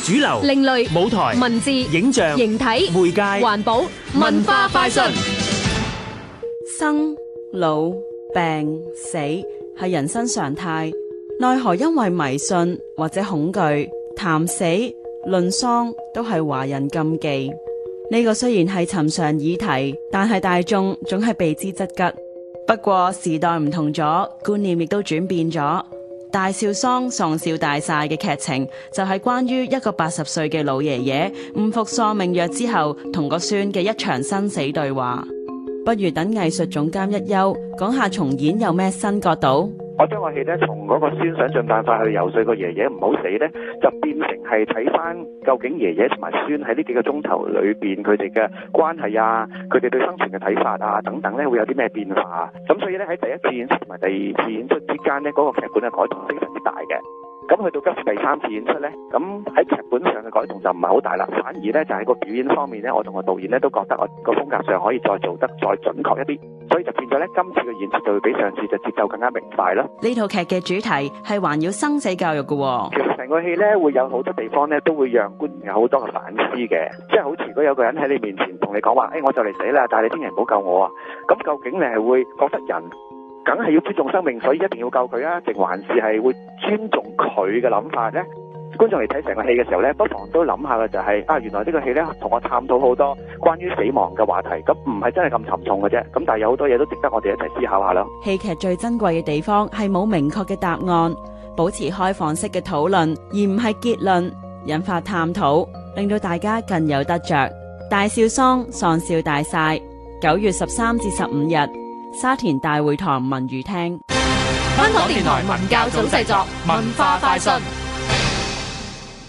主流，大少喪喪少大晒嘅劇情，就係、是、關於一個八十歲嘅老爺爺唔服喪命藥之後，同個孫嘅一場生死對話。不如等藝術總監一休講下重演有咩新角度。我將個戲咧，從嗰個孫想盡辦法去游說個爺爺唔好死咧，就變成係睇翻究竟爺爺同埋孫喺呢幾個鐘頭裏邊佢哋嘅關係啊，佢哋對生存嘅睇法啊等等咧，會有啲咩變化啊？咁所以咧喺第一次演出同埋第二次演出之間咧，嗰個劇本嘅改動非常之大嘅。咁去到今次第三次演出呢，咁喺劇本上嘅改動就唔係好大啦，反而呢，就喺個表演方面呢，我同個導演呢都覺得我個風格上可以再做得再準確一啲，所以就變咗呢，今次嘅演出就會比上次就節奏更加明快咯。呢套劇嘅主題係環繞生死教育㗎喎。其實成個戲呢，會有好多地方呢，都會讓觀眾有好多嘅反思嘅，即係好似如果有個人喺你面前同你講話，誒、哎，我就嚟死啦，但係你千祈唔好救我啊，咁究竟你係會覺得人？梗係要尊重生命，所以一定要救佢啊！定還是係會尊重佢嘅諗法呢？觀眾嚟睇成個戲嘅時候呢，不妨都諗下嘅就係啊，原來呢個戲呢同我探討好多關於死亡嘅話題，咁唔係真係咁沉重嘅啫。咁但係有好多嘢都值得我哋一齊思考下咯。戲劇最珍貴嘅地方係冇明確嘅答案，保持開放式嘅討論，而唔係結論，引發探討，令到大家更有得着。大笑喪，喪笑大晒，九月十三至十五日。沙田大會堂文娛廳，香港電台文教組製作文化快訊。